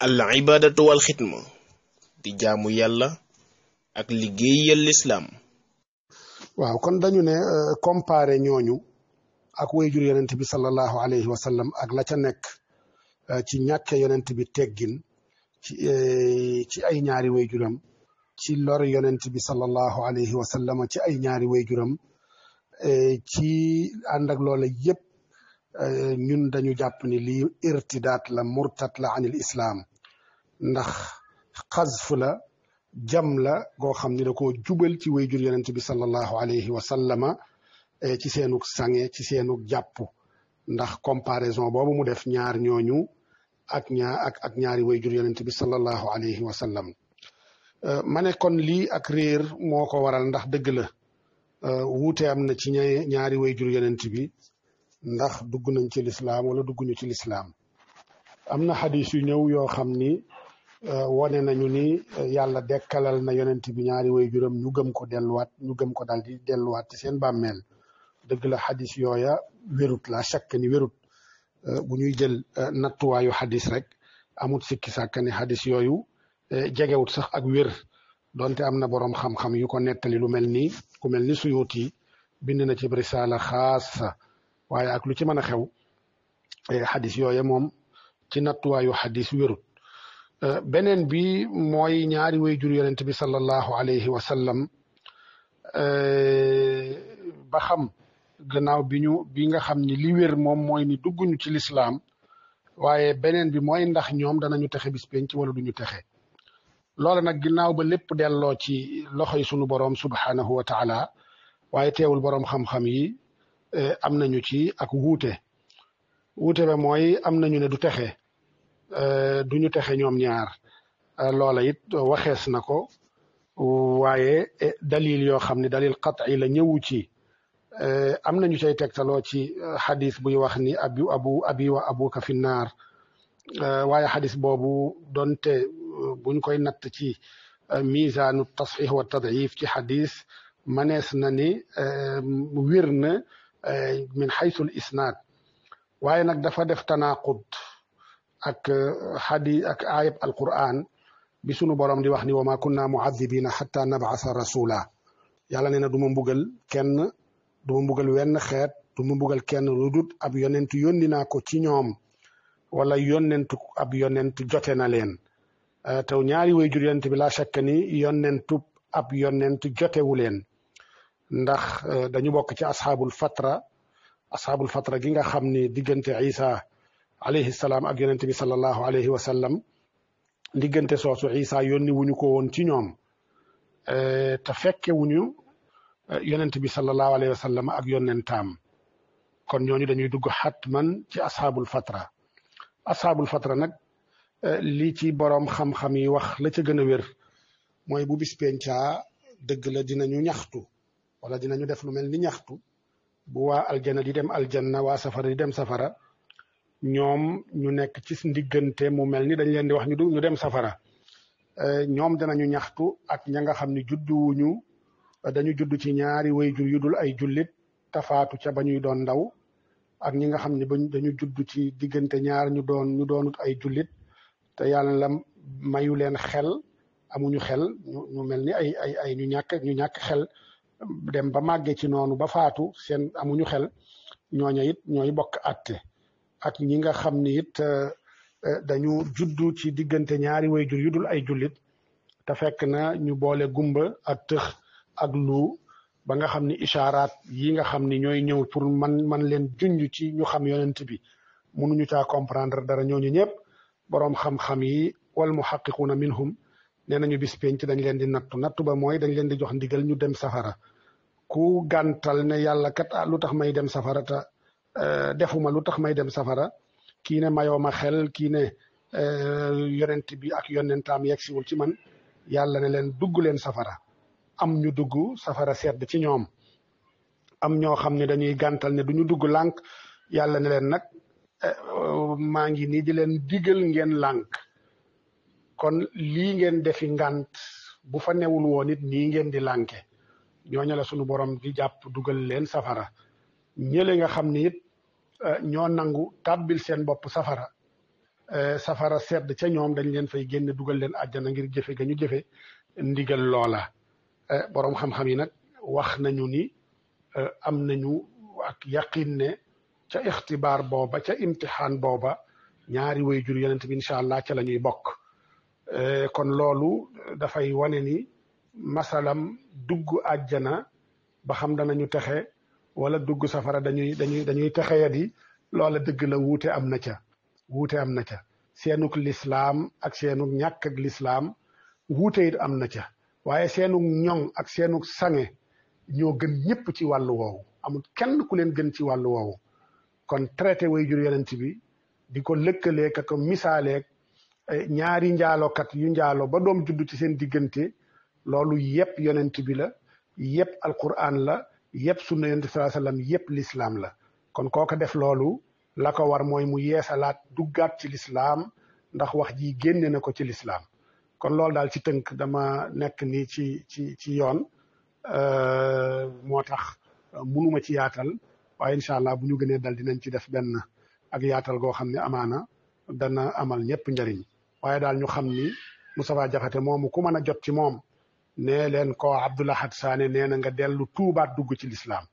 al ibadatu wal xidma di jaamu yàlla ak liggéeyal lislaam waaw kon dañu ne euh, comparé ñooñu ak wayjur yonent bi sallallahu alayhi wa ak la ca nekk euh, ci ñàkke yonent bi teggin ci euh, ay ñaari wayjuram ci lor yonent bi sallallahu alayhi wa ci ay ñaari wayjuram ci ànd loola yépp ñun dañu jàpp ni li irtidaat la murtat la anil islaam ndax xasfu la jam la goo xam ni da ko jubal ci way jur yonent bi sallallahu alayhi wa sallama e, ci seenug sange ci seenug jàpp ndax comparaison boobu mu def ñaar ñooñu ak ñaar ak ak ñaari way jur yonent bi sallallahu alayhi wa sallam e, ma ne lii ak réer moo ko waral ndax dëgg la e, wuute am na ci ñaari way jur yonent bi ndax dugg nañ ci lislaam wala dugguñu ci lislaam am na xadis yu ñëw yoo xam ni Euh, wone nañu ni euh, yàlla dekkalal na yonent bi ñaari way juróom ñu gëm ko delluwaat ñu gëm ko daal di delluwaat ci seen bàmmeel dëgg la xadis yooya wérut la chaque ni wérut euh, bu ñuy jël nattuwaayu xadis rek amut sikki sàkk xadis yooyu jegewut sax ak wér donte am na boroom xam yu ko nettali lu mel nii ku mel ni suyuut yi bind na ci risaala xaasa waaye ak lu ci mën a xew eh, xadis yooya moom ci nattuwaayu xadis wérut Euh, beneen bi mooy ñaari wayjur yonent bi sallallahu alayhi wa sallam euh, ba xam gannaaw bi ñu bi nga xam ni li wér moom mooy ni dugguñu ci lislaam waaye beneen bi mooy ndax ñoom danañu texe bis penc wala duñu texe loola nag ginnaaw ba lépp delloo ci loxoy sunu boroom subhaanahu wa waaye teewul boroom xam-xam yi euh, am nañu ci ak wuute wuute ba mooy am nañu ne du texe Euh, duñu texe ñoom ñaar euh, loola it waxees na ko waaye e, dalil yoo xam ne dalil qat'i la ñëwu ci euh, am nañu cay taloo ci xadis buy wax ni abu abu abi wa abuka fi naar waaye xadis boobu donte buñ koy natt ci misaanu tasxiix wa tadif ci xadis manees na ni wér na min xaysul isnaad waaye nag dafa def tanaqud ak xadi euh, ak ayab bi sunu borom di wax ni wa ma kunna muadibina xatta nabasa rasula yàlla nee na du ma mbugal kenn du ma mbugal wenn xeet du ma mbugal kenn lu dut ab yonent yónni naa ko ci ñoom wala yonentu ab yonent jote na leen euh, taw ñaari way jur yonent bi laa shakk ni yonentu ab yonent jotewu leen ndax euh, dañu bokk ci asxaabul fatra asxaabul fatra gi nga xam ni diggante isa alayhi salaam ak yonente bi sallallahu alayhi wa sallam diggante soosu Isa yónni wuñu ko woon ci ñoom eh, te fekke wuñu eh, yonent bi sallallahu alayhi sallam ak yonentaam kon ñooñu dañuy dugg xat man ci asxaabul fatra asxaabul fatra nag eh, li ci boroom xam-xam yi wax la ca gën a wér mooy bu bis pencaa dëgg la dinañu ñaxtu wala dinañu def lu mel ni ñaxtu bu waa aljanna di dem aljanna waa safara di dem safara ñoom ñu nekk ci ndiggante mu mel ni dañ leen di wax ñu ñu dem safara eh, ñoom danañu ñaxtu ak ña nga xam ne judduwuñu eh, dañu judd ci ñaari wayjur yu dul ay jullit tafaatu ca ba ñuy doon ndaw ak ñi nga xam ne bañ dañu judd ci diggante ñaar ñu doon ñu doonut ay jullit te yàlla la mayu leen xel amuñu xel ñu mel ni ay ay ñu ñàkk ñu ñàkk xel dem ba màggee ci noonu ba faatu seen amuñu xel ñooña it ñooy bokk àtte ak ñi nga xam ni it euh, euh, dañu juddu ci diggante ñaari jur yu dul ay jullit te fekk na ñu boole gumba ak tëx ak lu ba nga xam ni ishaaraat yi nga xam ni ñooy ñëw pour man man leen junj ci ñu xam yonent bi mënuñu caa comprendre dara ñooñu ñëpp boroom xam-xam yi wal mu muhaqiquuna minhum nee nañu bis penc dañ leen di nattu nattu ba mooy dañ leen di jox ndigal ñu dem safara ku gàntal ne yàlla kat ah lu tax may dem safara Euh, defuma lu tax may dem safara kii ne mayoo ma xel kii ne euh, yonent bi ak yonentaam siwul ci man yàlla ne leen dugg leen safara am ñu dugg safara sedd ci ñoom am ñoo xam ne dañuy gàntal ne du ñu dugg lànk yàlla ne leen nag euh, maa ngi nii di leen digal ngeen lànk kon lii ngeen defi ngànt bu fa newul woon it nii ngeen di lànke ñooñu la sunu borom di jàpp dugal leen safara ñële nga xam ni it euh, ñoo nangu tàbbil seen bopp safara euh, safara sedd ca ñoom dañ leen fay génne dugal leen àjjana ngir jëfe ga ñu jëfe ndigal loola euh, boroom xam-xam yi nag wax nañu ni am nañu ak yaqin ne ca ixtibaar booba ca imtixaan booba ñaari woy jur yonent bi incha allah ca la ñuy bokk kon loolu dafay wane ni masalam dugg àjjana ba xam danañu texe wala dugg safara dañuy dañuy dañuy texeyat yi loola dëgg la wuute am na ca wuute am na ca seenuk lislaam ak seenuk ñàkk ak lislaam wuute it am na ca waaye seenuk ñoŋ ak seenuk sange ñoo gën ñëpp ci wàll woowu amul kenn ku leen gën ci wàllu woowu kon traité way jur yonent bi di ko lëkkaleek ak misaaleek eh, ñaari njaalokat yu njaaloo ba doom judd ci seen diggante loolu yëpp yonent bi la yëpp alquran la yëpp sunna yonent bi sallallahu alayhi wasallam yëpp lislaam la kon kooko def loolu la ko war mooy mu yeesalaat duggaat ci lislaam ndax wax ji génne na ko ci lislaam kon loolu daal ci tënk dama nekk nii ci ci ci yoon euh, moo tax euh, munuma ci yaatal waaye incha allah bu ñu gënee dal dinañ ci def benn ak yaatal goo xam ne amaana dana amal ñëpp njariñ waaye daal ñu xam ni Moustapha Diakhaté moomu ku mën a jot ci moom nee leen ko Abdoul Ahad Sané na nga dellu tuubaat dugg ci lislaam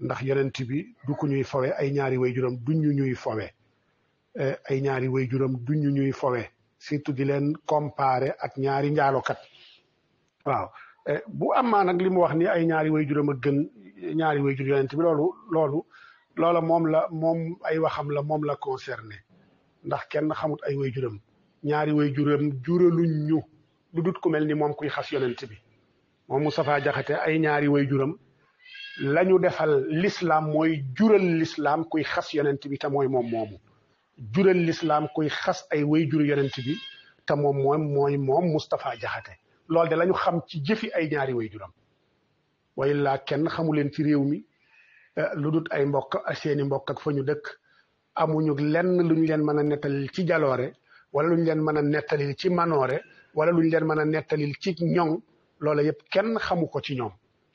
ndax yonent bi du ñuy fowe ay ñaari way juróom duñu ñuy fowe eh, ay ñaari way juróom duñu ñuy fowe surtout di leen comparé ak ñaari njaalokat waaw eh, bu amaa nag li mu wax ni ay ñaari way juróom a gën ñaari way jur yonent bi loolu loola moom la moom ay waxam la moom la concerné ndax kenn xamut ay way juróom ñaari way juróom juraluñ ñu du dut ku mel ni moom kuy xas yonent bi moom Moustapha Diakhaté ay ñaari way juram lañu ñu defal l'islam mooy jural lislaam kuy xas yonent bi te mooy moom moomu jural l'islam kuy xas ay way juru yonent bi ta moom moom mooy moom Moustapha Diakhaté loolu de lañu xam ci jëfi ay ñaari way juram way laa kenn xamu leen ci réew mi eh, lu dut ay mbokk a seeni mbokk ak fa ñu dëkk amuñu lenn lu leen mën a nettalil ci jaloore wala lu leen mën a nettalil ci manoore wala luñ leen mën a nettalil ci ñoŋ loola yëpp kenn xamu ko ci ñoom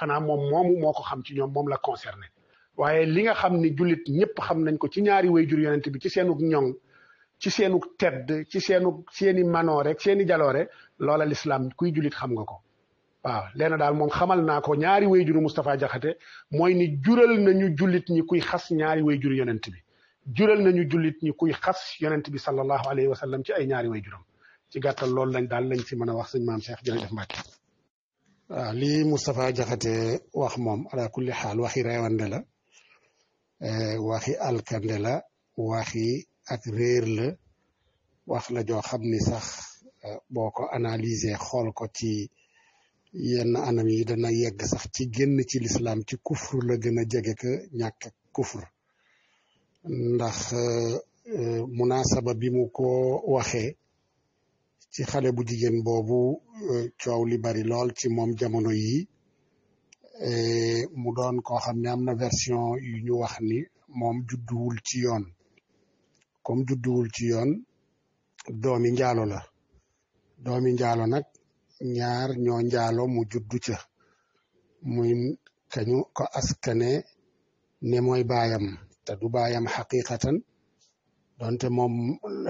xanaa moom moomu moo ko xam ci ñoom moom la conserné waaye li nga xam ni jullit ñëpp xam nañ ko ci ñaari wayjur yonent bi ci seenug ñoŋ ci seenug tedd ci seenug seeni manoore ak seeni jaloore loola lislaam kuy jullit xam nga ko waaw leena daal moom xamal naa ko ñaari wayjuru Moustapha Diakhaté mooy ni jural nañu jullit ñi kuy xas ñaari wayjur yonent bi jural nañu jullit ñi kuy xas yonent bi sallallahu alayhi wa sallam ci ay ñaari wayjuram ci gàttal loolu lañ daal lañ fi mën a wax sëñ maam Cheikh jërëjëf Mbacke. waaw lii Moustapha Diakhaté wax moom ala kulli xaal waxi reewande la eh, waxi alkande la waxi ak réer la wax la joo xam ni sax eh, boo ko analyser xool ko ci yenn anam yi dana yegg sax ci génn ci lislaam ci kufru la gën a jege ka ñàkk kufru ndax eh, munasaba bi mu ko waxee. ci xale bu jigéen boobu euh, coow li bari lool ci moom jamono yi euh, mu doon koo xam ne am na version yu ñu wax ni moom judduwul ci yoon comme judduwul ci yoon doomi njaalo la doomi njaalo nag ñaar ñoo njaalo mu juddu ca muy kañu ko askane ne mooy baayam te du baayam xaqiqatan donte moom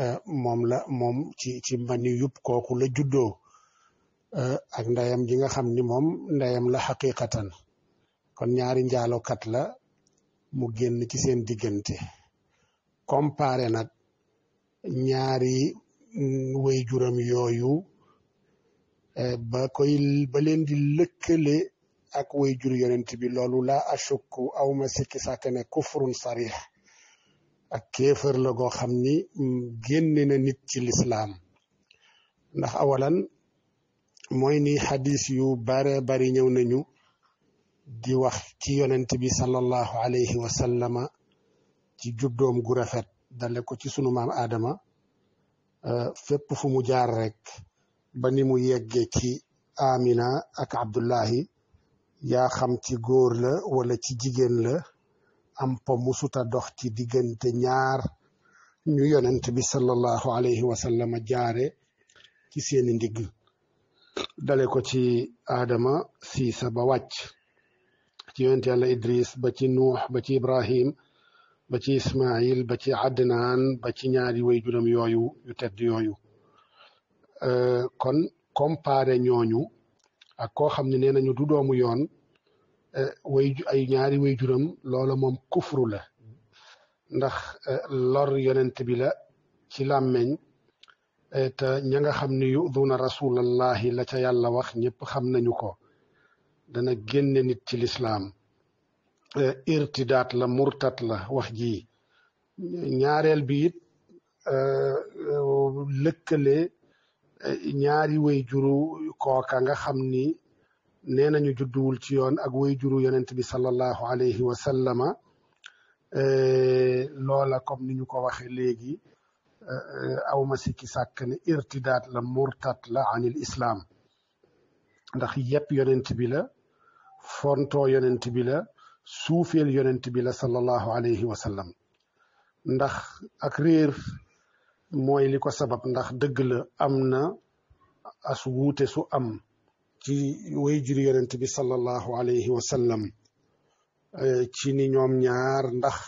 euh, moom la moom ci ci mani yupp kooku la juddoo euh, ak ndeyam ji nga xam ni moom ndeyam la xaqiqatan kon ñaari njaalokat la mu génn ci seen diggante comparé nag ñaari way juram yooyu euh, ba koy ba leen di lëkkale ak way jur yonent bi loolu laa ashukku aw ma sikki ne kufrun sarix ak kéefër la goo xam ni mm, génne na nit ci lislaam ndax awalan mooy ni xadis yu bare bari ñëw nañu di wax ci yonent bi sallallahu alayhi wa ci jub doom gu rafet dale ko ci sunu maam Adama euh, fépp fu mu jaar rek ba ni mu yeggee ci Amina ak Abdullahi yaa xam ci góor la wala ci jigéen la am po musuta dox ci diggante ñaar ñu yonent bi sallallahu alayhi wa jaare ci seeni ndigg dale ko ci aadama siisa ba wàcc ci yonent yàlla idris ba ci nuux ba ci ibrahim ba ci ismail ba ci adnaan ba ci ñaari way juram yooyu yu tedd yooyu euh, kon comparé ñooñu ak koo xam ne nee nañu du doomu yoon Eh, way ay ñaari way juram loola moom kufru la ndax eh, lor yonent bi la ci làmmeñ eh, te ña nga xam ni ne yuduuna rasulallahi la ca yàlla wax ñépp xam nañu ko dana génne nit ci lislaam irtidaat la murtat la wax ji ñaareel bi it lëkkale ñaari way juru kooka nga xam ni nee nañu judduwul ci yoon ak woy juru yonent bi sallallahu alayhi wa sallama e, loola comme ni ñu ko waxe léegi e, e, awma sikki sàkk ne irtidaat la murtat la anil islaam ndax yëpp yonent bi la fonto yonent bi la suufeel yonent bi la sallallahu alayhi wa ndax ak réer mooy li ko sabab ndax dëgg la am na as wuute su am ci way juri yonent bi sallallahu alayhi wa sallam eh, ci ni ñoom ñaar ndax